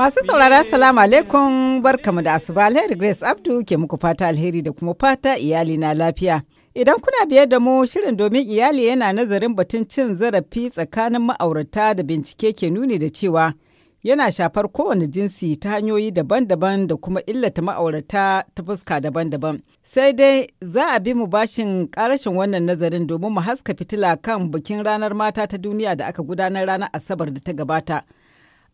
Masu saurara salamu alaikum barkamu da asuba alheri Grace Abdu ke muku fata alheri da kuma fata iyali na lafiya. Idan kuna biye da mu shirin domin iyali yana nazarin batun cin zarafi tsakanin ma'aurata da bincike ke nuni da cewa yana shafar kowane jinsi ta hanyoyi daban-daban da kuma illata ma'aurata ta fuska daban-daban. Sai dai za a bi mu bashin karashin wannan nazarin domin mu haska fitila kan bikin ranar mata ta duniya da aka gudanar ranar Asabar da ta gabata.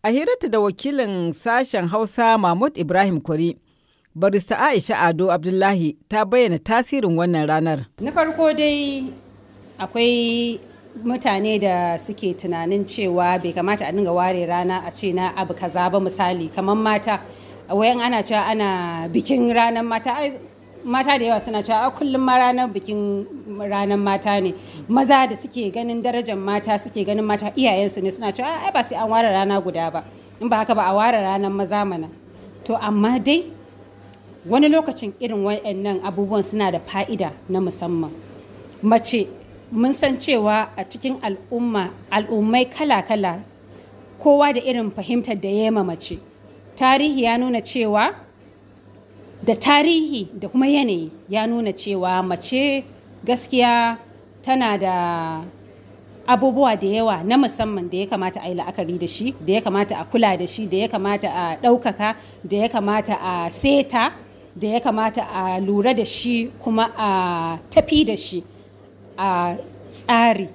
A hirarta da wakilin sashen Hausa Mahmud Ibrahim Kwari, barista Aisha Ado Abdullahi ta bayyana tasirin wannan ranar. Na farko dai akwai mutane da suke tunanin cewa bai kamata a dinga ware rana a ce na abu kaza ba misali kamar mata wayan ana cewa ana bikin ranar mata mata da yawa suna cewa kullum ma ranar bikin ranar mata ne maza da suke ganin darajar mata suke ganin mata iyayensu ne suna cewa ai ba sai an ware rana guda ba in ba haka ba a ware ranar maza mana to amma dai wani lokacin irin waɗannan abubuwan suna da fa'ida na musamman mace mun san cewa a cikin al'umma al'ummai kala-kala kowa da irin fahimtar da ya mace tarihi ya nuna cewa da tarihi da kuma yanayi ya nuna cewa mace gaskiya tana da abubuwa da yawa na musamman da ya kamata a yi la'akari da shi da ya kamata a kula da shi da ya kamata a ɗaukaka da ya kamata a seta da ya kamata a lura da shi kuma a tafi da shi a tsari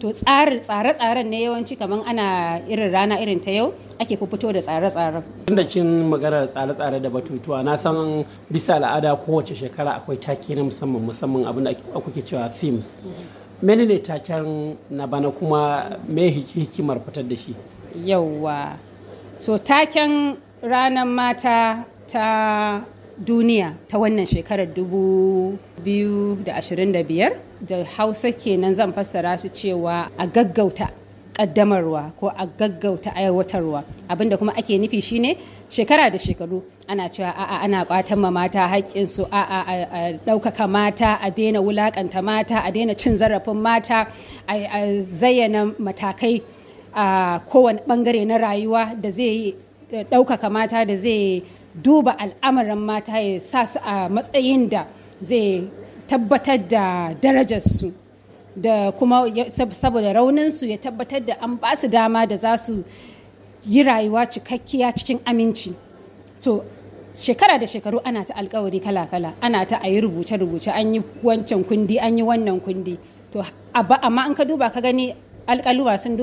to tsare-tsaren ne yawanci kamar ana irin rana irin ta yau ake fito da tsare-tsaren tun da cin magana tsare-tsare da batutuwa na san bisa al'ada kowace shekara akwai take na musamman musamman abin da kuke cewa themes mene ne taken na bana kuma me hikimar fitar da shi yauwa so taken ranar mata ta duniya ta wannan shekarar 2025 da hausa kenan zan fassara su cewa a gaggauta kaddamarwa ko a gaggauta aiwatarwa abinda kuma ake nufi shine shekara da shekaru ana cewa a'a ana kwatan ma mata haƙƙinsu a'a a ɗaukaka mata a daina wulaƙanta mata a daina cin zarafin mata a zayyana matakai a kowane ɓangare na rayuwa da zai ɗaukaka mata da zai duba al'amuran mata ya sa su a matsayin da zai tabbatar da darajarsu da kuma saboda rauninsu ya tabbatar da an ba su dama da za su yi rayuwa cikakkiya cikin aminci to shekara da shekaru ana ta alkawari kala-kala ana ta a yi rubuce-rubuce an yi wancan kundi an yi wannan kundi to amma an ka duba ka gani alkaluwa sun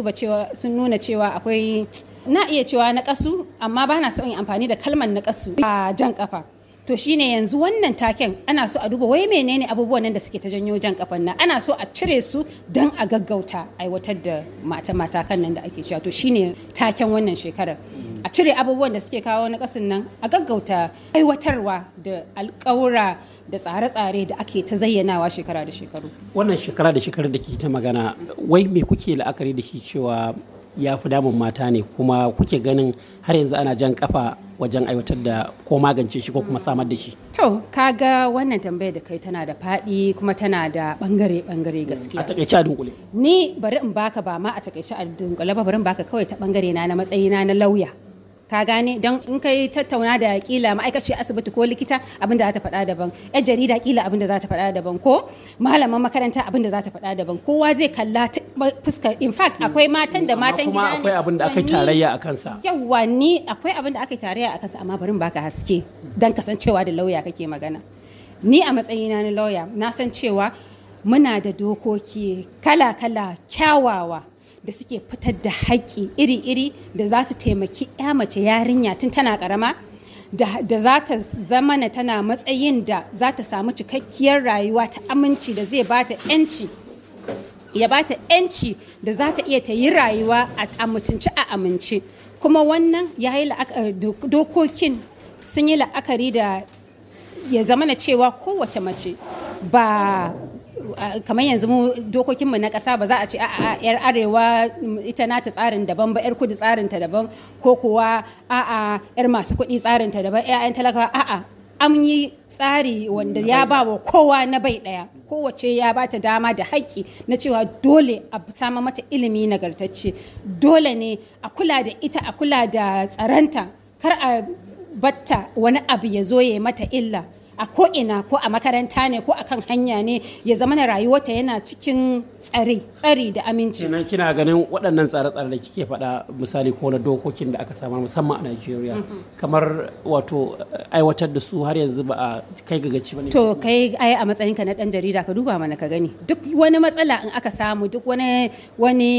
nuna cewa akwai na iya cewa na kasu amma ba na son in amfani da kalmar na kasu a jan kafa to shine yanzu wannan taken ana so a duba wai menene abubuwan nan da suke ta janyo jan kafan nan ana so a cire su don a gaggauta aiwatar da mata matakan nan da ake cewa to shine taken wannan shekarar a cire abubuwan da suke kawo na kasin nan a gaggauta aiwatarwa da alkawura da tsare-tsare da ake ta zayyanawa shekara da shekaru wannan shekara da shekarar da ke ta magana wai me kuke la'akari da shi cewa ya fi damun mata ne kuma kuke ganin har yanzu ana jan kafa wajen aiwatar da ko magance shi ko kuma samar da shi to kaga wannan tambayar da kai tana da faɗi kuma tana da bangare bangare gaskiya a takaice a dunkule ni bari in baka ba ma a takaice a dunkule ba bari in baka kawai ta bangare na na matsayina na lauya ka gane don in kai tattauna da kila ma'aikaci asibiti ko likita abinda za ta faɗa daban yan jarida kila abinda za ta faɗa daban ko malaman makaranta abinda za ta faɗa daban kowa zai kalla fuskar in fact akwai matan da matan gida ne akwai abinda aka tarayya a kansa yawa ni akwai abinda aka tarayya a kansa amma bari in baka haske dan kasancewa da lauya kake magana ni a matsayina na lauya na san cewa muna da dokoki kala-kala kyawawa da suke fitar da haƙƙi iri-iri da za su taimaki 'ya mace yarinya tun tana ƙarama da za ta zamana tana matsayin da za ta samu cikakkiyar rayuwa ta aminci da zai ta 'yanci ya bata 'yanci da za ta iya ta yi rayuwa a mutunci a aminci kuma wannan ya yi eh, dokokin sun yi la'akari da ya na cewa kowace mace ba kamar yanzu mu dokokinmu na ƙasa ba za a ce a'a yar arewa ita na ta tsarin daban ba yar kudu tsarin ta daban ko kuwa a'a yar masu kuɗi tsarin ta daban ƴaƴan talaka a'a an yi tsari wanda ya ba wa kowa na bai ɗaya kowace ya ba ta dama da haƙƙi na cewa dole a sama mata ilimi nagartacce dole ne a kula da ita a kula da tsaranta kar a batta wani abu ya zo ya mata illa a ko ina ko a makaranta ne ko a kan hanya ne ya zama na rayuwarta yana cikin tsare tsari da aminci kenan kina ganin waɗannan tsare-tsare da kike faɗa misali ko na dokokin da aka samar musamman a Najeriya mm-hmm. kamar wato eh, aiwatar da su har yanzu ba kai ga gaci bane to kai ai a matsayinka na ɗan jarida ka duba mana ka gani duk wani matsala in aka samu duk wani wani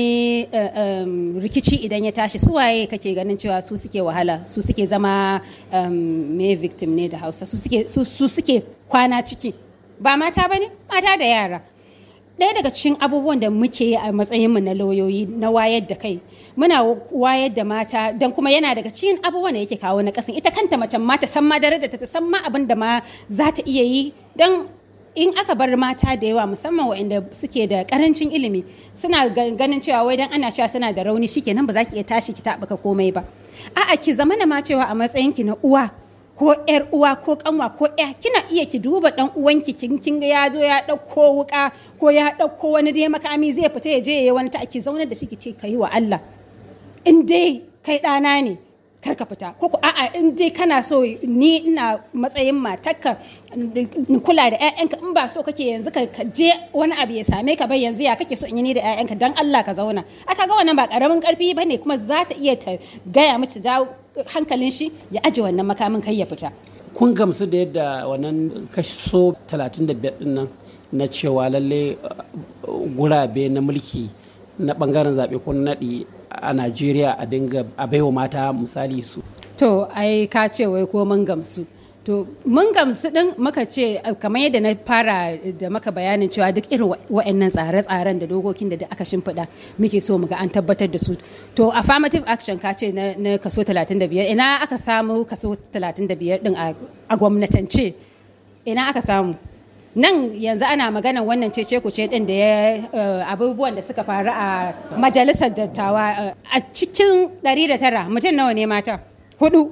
eh, rikici idan ya tashi su waye kake ganin cewa su suke wahala su suke zama me victim ne da Hausa su suke su suke kwana ciki ba mata ba ne mata da yara ɗaya daga cikin abubuwan da muke yi a matsayinmu na lauyoyi na wayar da kai muna wayar da mata don kuma yana daga cikin abubuwan da yake kawo na ƙasa ita kanta macen ma ta san ma darajar ta san ma abin da ma za ta iya yi don in aka bar mata da yawa musamman waɗanda suke da karancin ilimi suna ganin cewa wai dan ana sha suna da rauni shikenan ba za ki iya tashi ki taɓuka komai ba a'a ki zama ma cewa a matsayinki na uwa ko yar uwa ko kanwa ko ya kina iya ki duba dan uwanki kin kin ga ya zo ya dauko wuka ko ya dauko wani dai makami zai fita ya je ya wani ta ki zauna da shi ki ce kai wa Allah in dai kai dana ne kar ka fita ko ko a'a in dai kana so ni ina matsayin matarka kula da ƴaƴanka in ba so kake yanzu ka je wani abu ya same ka bai yanzu ya kake so in yi ni da ƴaƴanka dan Allah ka zauna aka ga wannan ba karamin karfi bane kuma za ta iya ta gaya mace dawo hankalin shi ya aje wannan makamin kai ya fita kun gamsu da yadda wannan kaso 35 din nan na cewa lalle uh, gurabe na mulki na bangaren zaɓe ko naɗi a najeriya a dinga a baiwa mata misali su to ai ka ce wai ko mun gamsu To mun gamsu din muka ce eh, kamar yadda na fara eh, da maka bayanin cewa duk irin wa'annan tsare-tsaren da dokokin da aka shimfiɗa muke so muga an tabbatar da su. To affirmative action ka ce na kaso 35 ina aka samu kaso 35 din a gwamnatance ina aka samu. Nan yanzu ana maganan wannan cece ce din da ya eh, abubuwan da suka faru a majalisar dattawa a cikin 109 mutum nawa ne mata? Hudu.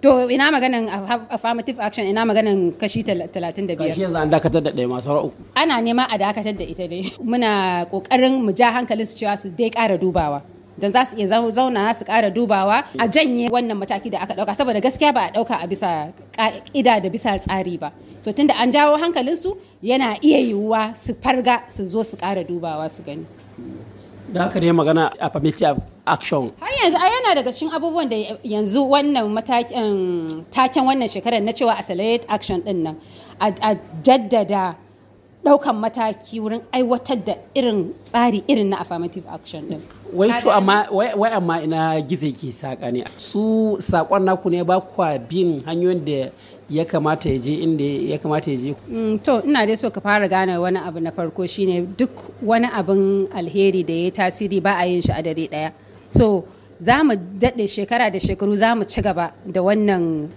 to ina maganin affirmative action ina maganin kashi 35 kashi yanzu an dakatar da ɗaya masu ra'u. ana nema a dakatar da ita dai muna kokarin mu ja hankalin su cewa su dai ƙara dubawa dan za su iya zauna su ƙara dubawa a janye wannan mataki da aka ɗauka saboda gaskiya ba a ɗauka a bisa ƙa'ida da bisa tsari ba so tunda an jawo hankalin su yana iya yiwuwa su farga su zo su ƙara dubawa su gani da haka ne magana affirmative action har yanzu a yana daga cikin abubuwan da yanzu wannan matakin um, taken wannan shekarar na cewa accelerate action din nan a jaddada daukan mataki wurin aiwatar da irin tsari irin na affirmative action din wai to amma wai amma ina gize ke saka ne su sakon naku ne ba kwa bin hanyoyin da ya kamata ya je inda ya kamata ya je mm, to ina dai so ka fara gane wani abu na farko shine duk wani abin alheri da ya tasiri ba a yin shi a dare daya so za mu daɗe shekara da shekaru za mu ci gaba da wannan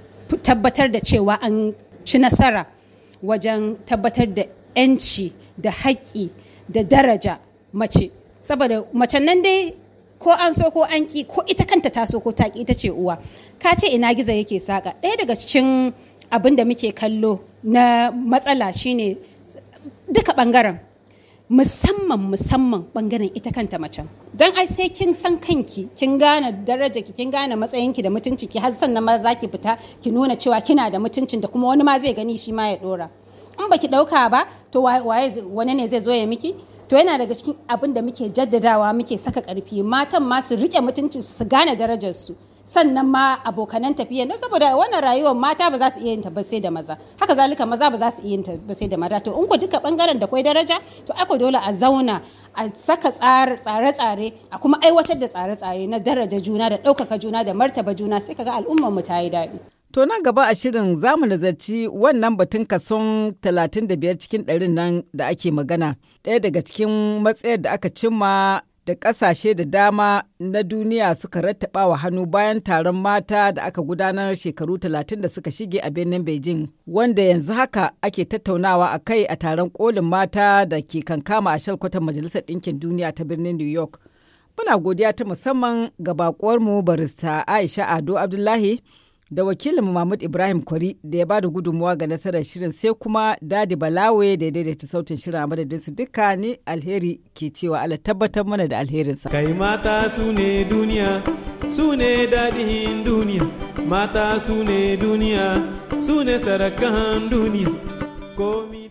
tabbatar da cewa an ci nasara wajen tabbatar da 'yanci da haƙƙi da daraja mace saboda macen nan dai ko an so ko an ki ko ita kanta ta so ko ta ki ita ce uwa ka ce ina giza yake saka ɗaya daga cikin abin da muke kallo na matsala shine duka bangaren musamman musamman bangaren ita kanta macen don ai sai kin san kanki kin gane daraja ki kin gane matsayinki da mutunci ki har sannan ma za ki fita ki nuna cewa kina da mutuncin da kuma wani ma zai gani shi ma ya dora in baki dauka ba to waye wani ne zai zo ya miki to yana daga cikin abin da muke jaddadawa muke saka karfi matan ma su rike mutuncin su gane darajar su sannan ma abokanan tafiya na saboda wannan rayuwar mata ba za su iya yin ta ba sai da maza haka zalika maza ba za su iya yin ta ba sai da mata to in ku duka bangaren da kwai daraja to aiko dole a zauna a saka tsare-tsare a kuma aiwatar da tsare-tsare na daraja juna da ɗaukaka juna da martaba juna sai kaga al'ummar mu ta yi daɗi To nan gaba a shirin za mu nazarci wannan batun kason 35 cikin ɗarin nan da ake magana, ɗaya daga cikin matsayar da aka cimma da ƙasashe da dama na duniya suka rattaba wa hannu bayan taron mata da aka gudanar shekaru 30 da suka shige a birnin Beijing, wanda yanzu haka ake tattaunawa a kai a taron kolin mata da ke kankama a shalkwatar Majalisar Ɗinkin Duniya ta birnin New York. Muna godiya ta musamman ga baƙuwarmu barista Aisha Ado Abdullahi. da wakilin Mahmud Ibrahim Kwari da ya bada gudunmawa ga nasarar shirin sai kuma Dadi Balawe da ya daidaita sautin shirin a madadin su duka ne alheri ke cewa ala tabbatar mana da alherin sa. Kai mata su ne duniya, su ne dadihin duniya, mata su ne duniya, su ne sarakan duniya. Komi